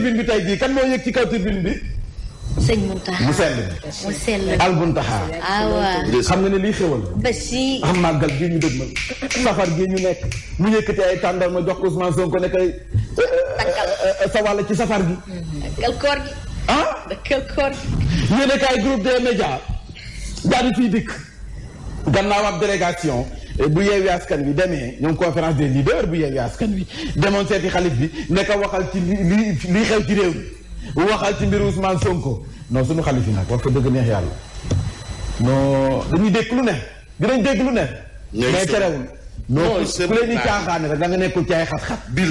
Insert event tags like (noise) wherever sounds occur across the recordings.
turbine bi tey jii kan moo yëg ci kaw turbine bi. sëñ Muntaxa mu sell mu sell ah, xam nga ne liy xewal ba si ah, màggal gi ñu dëgmal safar gi ñu nekk mu yëkkati ma jox ko Ousmane Sonko ne euh, euh, euh, ci safar gi dëkkal mm-hmm. koor gi ah dëkkal koor gi ñu nekk ay groupe des médias daal di fiy dikk gannaaw ab délégation bu yeewi askan wi demee ñoom conférence des leaders bu yeewi askan wi demoon seeti xalif bi ne ko waxal ci li li xew ci réew mi waxal ci mbiru Ousmane Sonko non suñu xalif yi nag wax ko dëgg neex yàlla non dañuy dégg lu ne dinañ dégg lu ne mais terewul non ku leen di caaxaane rek da nga nekkul ci ay xat-xat dégg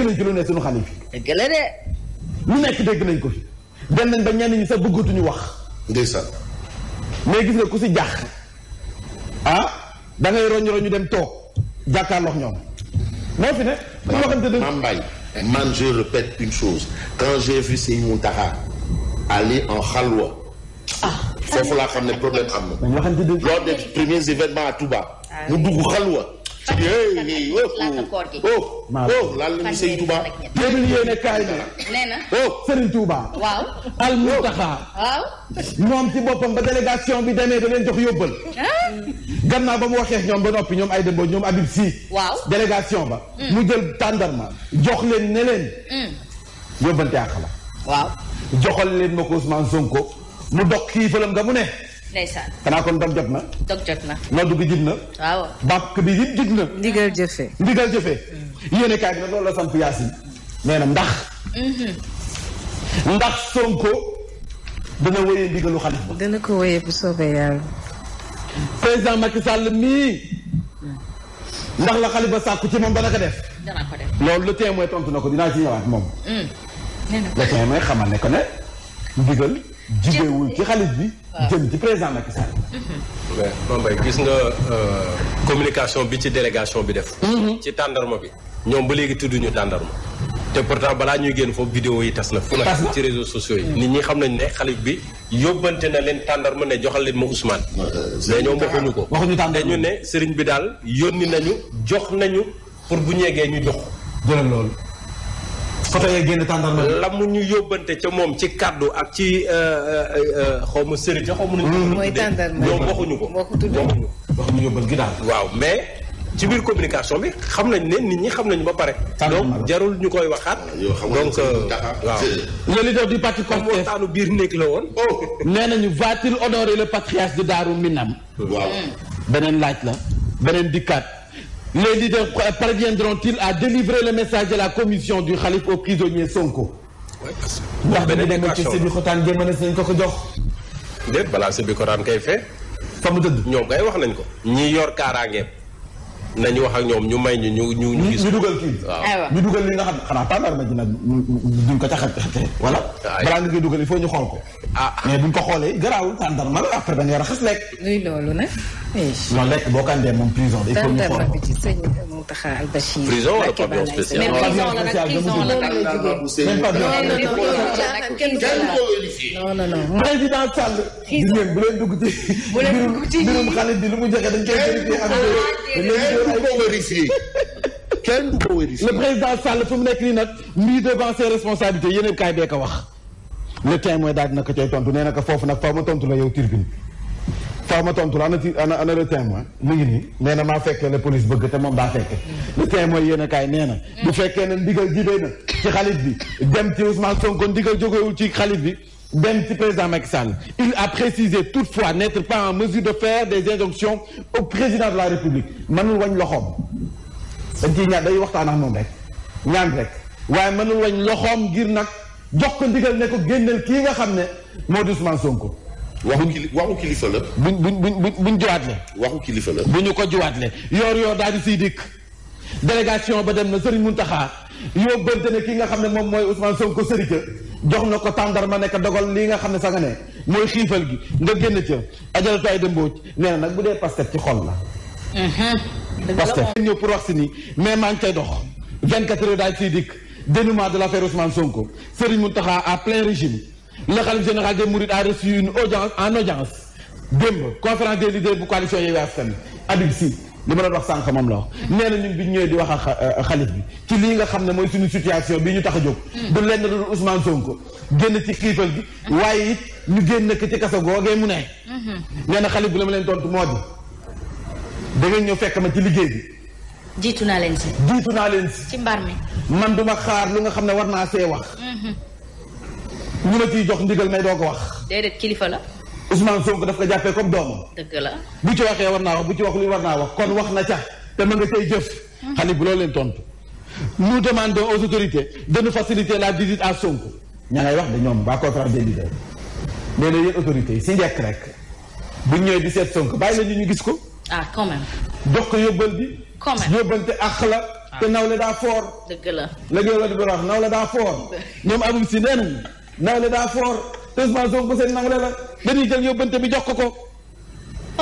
nañ ci ne suñu xalif yi dëgg la de nekk dégg nañ ko fi dem nañ ba ñenn ñi sax bëggatuñu wax ndeysaan mais gis nga ku si jaax ah? da ngay roñ dem toog jàkkaarloog ñoom. moo fi ne. ma waxante ne Mame Mbaye man je répète une chose quand j'ai vu Serigne Mountakha aller en xalwa. ah foofu laa xam ne problème am na. lors des premiers événements à Touba. mu dugg xalwa. laata koor gi. Oh, oh, oh, laal nañu sëñ Touba. déglu yéen a kaay bi. nee na. Serigne Touba. waaw. al ci boppam ba délégation bi demee da leen jox yóbbal. Ah. gannaaw ba mu waxee ñoom ba noppi ñoom ay Mbodj ñoom Habib si waaw délégation ba. Mm. mu jël tàndarma jox leen ne leen. Mm. yóbbante àq la. joxal leen ma ko Ousmane Sonko mu dog kii fëlam nga mu ne. ndeysaan xanaa kon dog jot na. dog jot na. noddu gi jib na. waaw bàkk bi yëpp jib na. ndigal jëfe. ndigal jëfe. Mm. yéen kaay bi nag loolu la samp Yacine. nee ndax. Mm-hmm. ndax Sonko dana wéyee ndigalu xalif ba. ko wéyee bu soobee yàlla. président Macky la xalif ba sàkku ci moom dana ko def. dana ko def loolu le mooy tontu na ko dinaa ci ñëwaat moom. Mm. nee na xamal ne ko ne ndigal. jibewul ci xaalis bi jëm ci président Macky Sall mais Mbaye gis nga euh, communication bi ci délégation bi def mhm. ci tàndarma bi ñoom ba léegi tudduñu tàndarma te pourtant balaa ñuy génn foofu vidéo yi tas na fu na ci réseau sociaux yi mhm. nit ñi xam nañ ne xalif bi yóbbante na leen tàndarma ne joxal leen ma Ousmane euh, mais ñoom waxuñu ko dañu ne sëriñ bi daal yónni nañu jox nañu pour bu ñeegee ñu jox jëlal loolu photo ya génn tàndarma la ñu yóbbante ca moom ci kàddu ak ci euh, euh, euh, xaw ma sëriñ ca xaw ma nu mooy tàndarma ñoom waxuñu ko waxuñu waxuñu yóbbal gi daal waaw mais ci biir communication bi xam nañ ne nit ñi xam nañu ba pare taloo jarul ñu koy waxaat ah, donc waaw le leader du parti comme waxtaanu biir néeg la woon oh. (laughs) nee nañu va-t-il honorer le patriarche de Darou Minam beneen laaj la beneen dikkaat Les leaders parviendront-ils à délivrer le message de la commission du Khalif aux prisonniers Sonko. ndax bi nekk ci Sébikotane génn nañ ko ko jox. déet balaa Sébikotane kay fee. fa mu dëgg ñoom kay wax nañ ko. ñi yor kaaraangeem. nañu wax ak ñoom ñu may ñu ñu ñu. ñu gis ñu dugal kii. waaw ñu dugal li nga xam ne xanaa tàndarma ji nag duñ ko ca xaj wala. balaa nga koy dugal il faut ñu xool ko. ah mais buñ ko xoolee garaawul tàndarma la après da ngay raxas lekk. luy loolu nag. loolu lekk boo ko andee moom prison il faut ñu xool ko. prison wala pavillon spécial. mais prison la nag prison la nag non non non président Sall. bu leen dugg ci. bu leen dugg ci mbirum xale bi lu mu joxe dañ koy vérifier am kenn du ko vérifier (laughs) le président Sall fu mu nekk nii nag mis devant ses responsabilités yéen kaay ko wax. le témoin daal dina ko cay tontu nee ko foofu nag faaw ma tontu la yow tribune faaw ma tontu la ana ci ana ana le témoin mu nii nee na maa fekkee la police bëgg te moom daa fekke le témoin yéen kaay nee na. bu fekkee ne ndigal jibee na ci xalif bi dem ci Ousmane Sonko ndigal jógewul ci xalif bi. benn ci président Macky Sall il a tout toutefois netre pas en mesure de faire des injonctions au président de la République manul wañ loxoom dañ day waxtaan ak moom rek ñaan rek waaye mënul wañ loxoom ngir nag jox ko ndigal ne ko génneel kii nga xam ne moo di Ousmane Sonko waxu kili waxu kilifa la. bu bu buñ buñ juwaatle. waxu kilifa la. bu ñu ko juwaatle yoor yoor daal di siy dikk délégation ba dem na Serigne Mountakha yóbbante ne ki nga xam ne moom mooy Ousmane Sonko Serigne jox na ko tàndarma nekk dogal lii nga xam ne fa ne mooy xiifal gi nga génn ca ajalatu ay dëmboo nee na nag bu dee Pastef ci xol la. Mhm. Pastef ñëw pour wax si nii mais maa ngi cay dox 24 heures daal siy dikk dénouement de l'affaire Ousmane Sonko Serigne Mountakha à plein régime le khalife général des Mourides a reçu une audience en audience démb conférence des leaders bu coalition Yewwi Askan Habib Sy li ma doon wax sànq moom la wax nee na ñun bi ñëwee di wax ak xalif bi ci lii nga xam ne mooy suñu situation bi ñu tax a jóg du lenn dul Ousmane Sonko génn ci xiifal gi waaye it ñu génn ko ci kaso googee mu ne nee na xalif bi la ma leen tontu moo di da ngeen ñëw fekk ma ci liggéey bi jiitu naa leen si jiitu naa leen si ci mbar mi man duma xaar lu nga xam ne war naa see wax mhm. ñu ma ciy jox ndigal may doo ko wax déedéet kilifa la Ousmane Sonko daf ko jàppee comme doomam. dëgg la bu ci waxee war naa wax bu ci wax li war naa wax kon wax na ca te ma nga cay jëf. Hmm. xale bu loolu leen tontu. nous demandons aux autorités de nous faciliter la visite à Sonko. ngay wax de ñoom ba conférence des nee na yéen autorités si njëkk rek bu ñëwee di seet Sonko bàyyi la ñu ñu gis ko. ah quand même. jox ko yóbbal bi. quand même yóbbante àq la. Ah. te nawle daa foor. dëgg la la ngeen war si nee nawle daa foor. (laughs) Ousmane Sonko seen nawle la dañuy jël yóbbante bi jox ko ko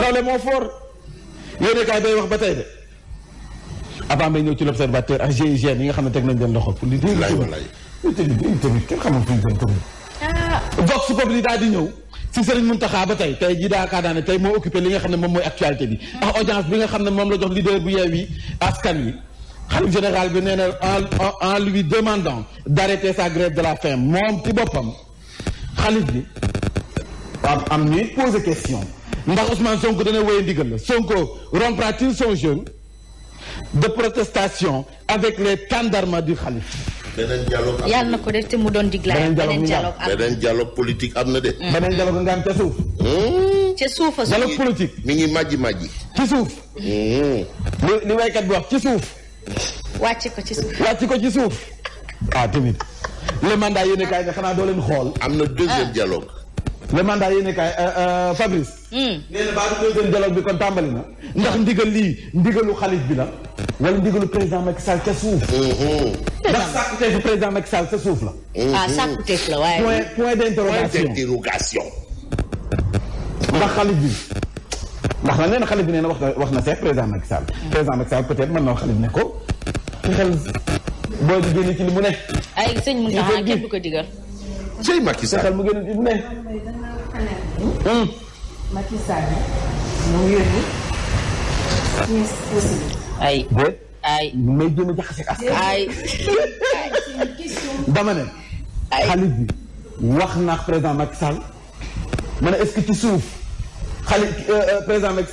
nawle moo foor yéen kaay day wax ba tey de avant may ñëw ci l'observateur ak GIGN yi nga xam ne teg nañ leen loxo. li dégg nga tamit tamit ah. daal di ñëw si Serigne Mountakha ba tey tey jii daa kaa daane tey moo occupé li nga xam ne moom mooy actualité bi ah. ak audience bi nga xam ne moom la jox leader bu Yewwi Askan Wi. xalif général bi nee na en en lui demandant d'arrêter sa grève de la faim moom ci boppam. xalif bi am am ñuy poser question ndax Ousmane Sonko dana wéy ndigal la Sonko rompra t son jeûne de protestation avec les tandarma du xalif. beneen na ko def te mu doon diglaay. beneen beneen dialogue politique am na de. Mm. beneen dialogue nga am ca suuf. Hmm? ca suuf a dialogue politique mi ngi màjji màjji. ci suuf. Hmm. li li waykat bi wax ci suuf. wàcc ko ci suuf. wàcc ko ci suuf ah, le mandat yéen a kaay ne am na deuxième dialogue. le mandat yéen a kaay euh, euh, Fabrice. Hmm. nee na ba dialogue bi kon tàmbali na. ndax ndigal li ndigalu xalif bi la. wala ndigalu président Macky Sall mhm. président Macky ca suuf la. Mhm. ah sàkkuteef point point ndax xalif bi. ndax nag nee na xalif bi nee na wax na wax na seet président Macky Sall. Hmm. président Macky peut-être mën na wax xalif ne ko xel. booy bi génn ci mu ne. ay sëñ Moussa ah kenn du ko digal. sëñ Macky Sall mu génn ci li mu ne. Hmm. Macky Sall ay ay may jéem a jaxase ay (laughs) dama ne. ay xalit wax naa président Macky Sall ma ne est-ce que ci suuf xalit euh, euh, président Macky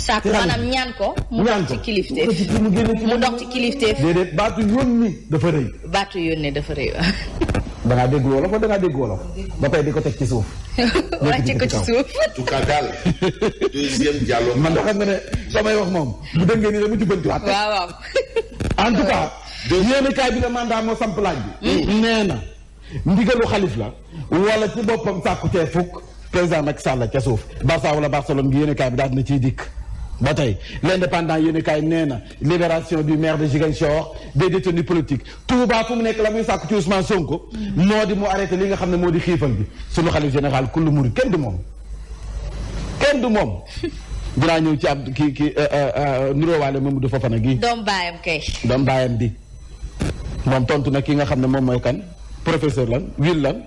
sàkku maanaam ñaan ko mu dox ci kilifteef mu dox ci kilifteef déedéet baatu yónni dafa rëy baatu yónni dafa rëy (laughs) da ngaa dégg wolof da ngaa dégg wolof ba pay di ko teg ci suuf. (laughs) wàcce ko ci suuf. en tout cas daal. (laughs) deuxième dialogue. man da xam wax moom. bu dëngee nii rek mu jubbantiwaat. waaw waaw. en tout cas. yéen bi la mandat moo samp laaj bi. Mm. nee na ndigalu xalif la. wala ci boppam sàkku tee fukk président Macky Sall ca suuf. Barça wala Barcelone bi yéen kaay bi daal dina ciy dikk. ba tey l'indépendant yéen kaay nee na libération du maire de Ziguinchor des détenus politiques Touba fu mu nekk la muy sàkku ci Ousmane Sonko. moo di mu arrêté li nga xam ne moo di xiifal bi sunu xalif général kullu murid kenn du moom kenn du moom (laughs) dinaa ñëw ci ab ki ki euh, euh, euh, nuroowaale Mamadou Fofana gi doom baayam kay doom baayam bi moom tontu na ki nga xam ne moom mooy kan professeur lan wil lan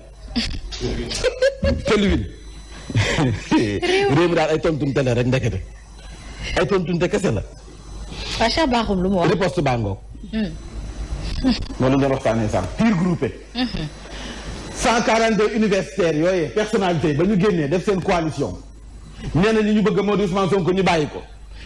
fël (laughs) wil (laughs) réew mi daal ay tontum tele rek ndekete ay tontunte kese la. waaw Cheikh Bakhoum lu mu wax. riposte baa ngoog. Hmm. moo leen doon waxtaanee sànq pire groupé. 142 hmm. universitaires yooyee ba ñu génnee def seen coalition. nee na li ñu bëgg moo di Ousmane Sonko ñu bàyyi ko.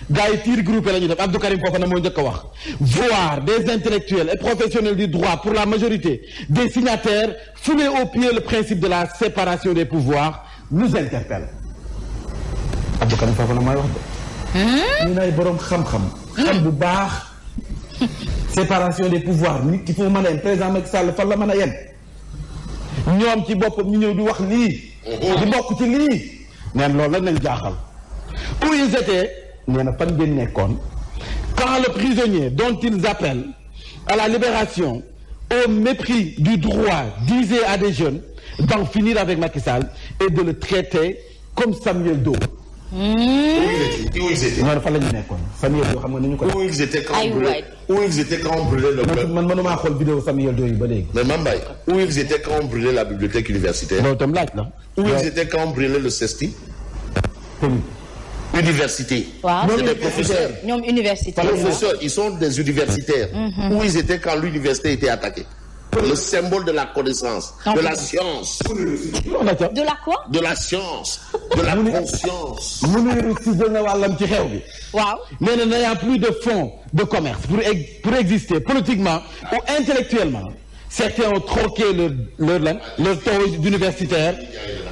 gars yi pire groupé la ñu def Abdou Karim Fofana moo njëkk a wax. voir des intellectuels et professionnels du droit pour la majorité des signataires fouler au pied le principe de la séparation des pouvoirs nous interpelle. Abdou Karim Fofana mooy wax de. ñu nay borom xam-xam. xam bu baax. séparation des pouvoirs nit ki foo mën a yem président Macky Sall fan la mën a yem. ñoom ci boppam ñu ñëw di wax lii. di bokk ci lii. la nañ jaaxal. où ils étaient nee na fan ngeen nekkoon. quand le prisonnier dont ils appellent à la libération au mépris du droit disait à des jeunes d'en finir avec Macky Sall et de le traiter comme Samuel Doe. Hmm? où ils étaient. non fan la ñu nekkoon Samuel Doe xam nga ni ñu ko. où ils étaient quand on brûlait où ils étaient quand on brûlait le. man man maa xool vidéo Samuel Doe yi ba léegi. mais Mame Mbaye où ils étaient quand on brûlait la bibliothèque universitaire. loolu itam laaj na. où ils étaient quand on brûlait le CESTI. université. waaw c'est des professeurs. ñoom université. professeurs ils sont des universitaires. Mm-hmm. où ils étaient quand l'université était attaquée. le symbole de la connaissance, de la science. de la quoi. de la science. de la ne mu ne wàllam ci xew bi. waaw nee na n'ayant plus de fonds de commerce pour pour exister politiquement ou intellectuellement certains ont troqué leur leur lan leur taux d'universitaire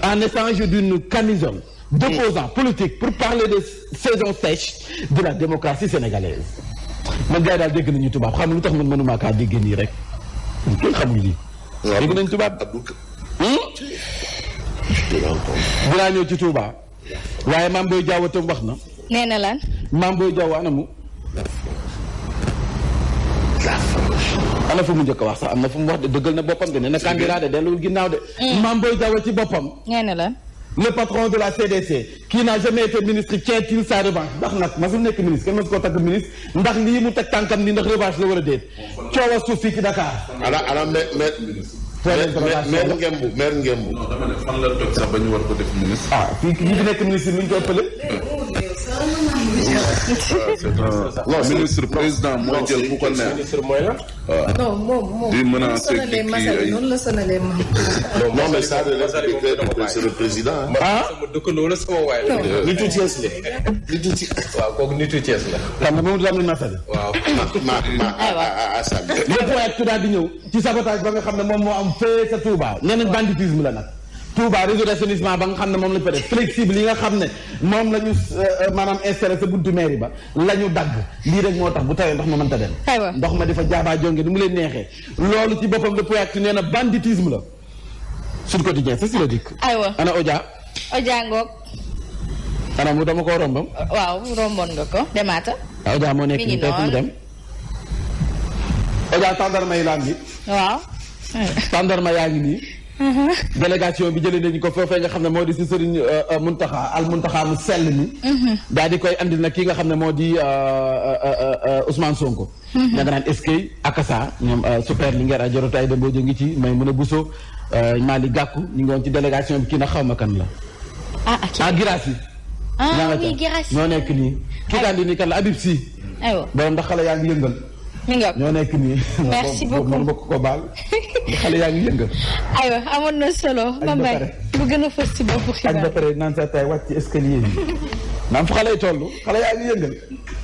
en échange d'une camisole d'opposants politiques pour parler de saison sèche de la démocratie sénégalaise man gars yi daal dégg nañu tubaab xam lu tax man mënumaa kaa déggee nii rek. kenn xamul lii. dégg nañ tubaab. Hmm? dinaa ñëw ci Touba. waaye maam Boye Diaw wax na. nee na lan. maam Boye Diaw anamu. ana fu mu njëkk wax sax am na fu mu wax de dëggal na boppam de nee na candidat de delluwul ginnaaw de. Hmm. maam Boye Diaw ci boppam. nee na le patron de la CDC qui n'a jamais été ministre tient-il sa revanche ndax nag masul nekk ministre kenn masu ko takk ministre ndax lii mu teg tànkam ni ndax revanche la war a déet coow a suuf fii ci Dakar. ala ala mais mais ngembu maire ngembu. non dama ne fan la toog sax ba ñu war ko def ministre. ah fii ki fi nekk ministre mi ngi koy ëppale. ministre président mooy jël ku ko neex. ministre mooy la. waaw ah. non moom moom. di menacer kii ay noonu la sonalee Massaly non mais ça c'est le président ah? ah. sama dëkkandoo la sama waay la. nitu Thiès la nitu Thiès. waaw kooku nitu Thiès la. xam ah, nga moom daal na Massaly. waaw ma ma ah ah di ñëw ci sabotage ba nga xam ne moom moo am fee ca Touba nee nañ banditisme la nag. Touba réseau d'assainissement ba nga xam ne moom lañ fa def flexible yi nga xam ne moom la euh, euh, maanaam installé sa buntu mairie ba la ñu dagg lii rek moo tax bu tawee ndox ma mënta dem ndox ma dafa jaabaa jonge ni mu leen neexee loolu ci boppam de poyacti nee na banditisme la Sud Quotidien c'est logique aywa ana Odia Odia ngoog ana mu dama koo rombam waaw romboon nga ko demaata ah, Odia moo nekk nii tey fu mu dem Odia tàndarma yi laan bi waaw tàndarma yaa ngi nii Mm-hmm. délégation bi jëlee nañu ko foofee nga xam ne moo di si sëriñ euh, euh, Muntaxa al Muntaxa mu sell mi. Mm-hmm. daal di koy andil nag ki nga xam ne moo di euh, Ousmane Sonko. ña mm-hmm. nga naan eskay akasa ñoom super li ngeen rajo Rota Aida Mbodj ngi ci may mun a Bousso Mali gàkku ñu ngi woon ci délégation bi kii na xaw ma kan la. ah ak ah Girassi. ah oui Girassi nekk nii. kii daal di ni kan la Habib Sy. aywa borom ndax xale yaa ngi yëngal. mi nga ñoo nekk nii. merci beaucoup moom ko baal. xale yaa ngi yëngal. aywa amoon na solo. Mbaye lu gën a fës ci bopp xibaar. ak ba pare naan sa tay wàcc escalier yi. naan fu xale yi toll xale yaa ngi yëngal.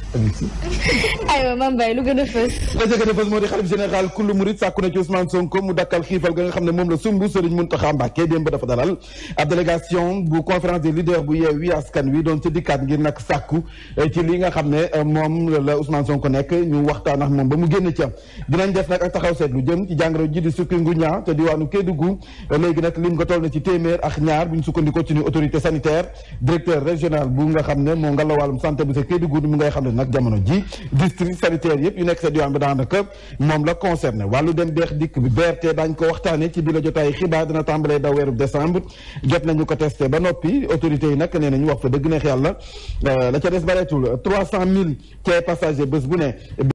(laughs) aywa Mame Mbaye lu gën a fës la ca gën a fës moo di xalif général kullu murid sàkku na ci Ousmane Sonko mu dakkal xiifal ga nga xam ne moom la sumb Serigne Mountakha Mbacké démb dafa dalal ab délégation bu conférence des leaders bu Yewwi Askan Wi doon ci dikkaat ngir nag sàkku eh, ci li nga xam ne eh, moom la Ousmane Sonko nekk ñu waxtaan ak moom ba mu génn ca dinañ def nag ak taxaw seetlu jëm ci jàngoro ji di sukki nguña te diwaanu Kédougou eh, léegi nag lim nga toll na ci téeméer ñaar bu ñu sukkandikoo ci autorité sanitaire directeur régional bu nga xam ne moo nga la wàllum santé bu nag jamono ji district sanitaire yëpp yu nekk sa diwaan daanaka moom la concerné dem beex dikk bi BRT daañ ko waxtaane ci bi la jotaay xibaar dina tàmbalee daw weerub décembre jot nañu ko ba noppi autorités yi nag nee nañu wax fa euh, la ca des bareetul trois cent mille ci passager bés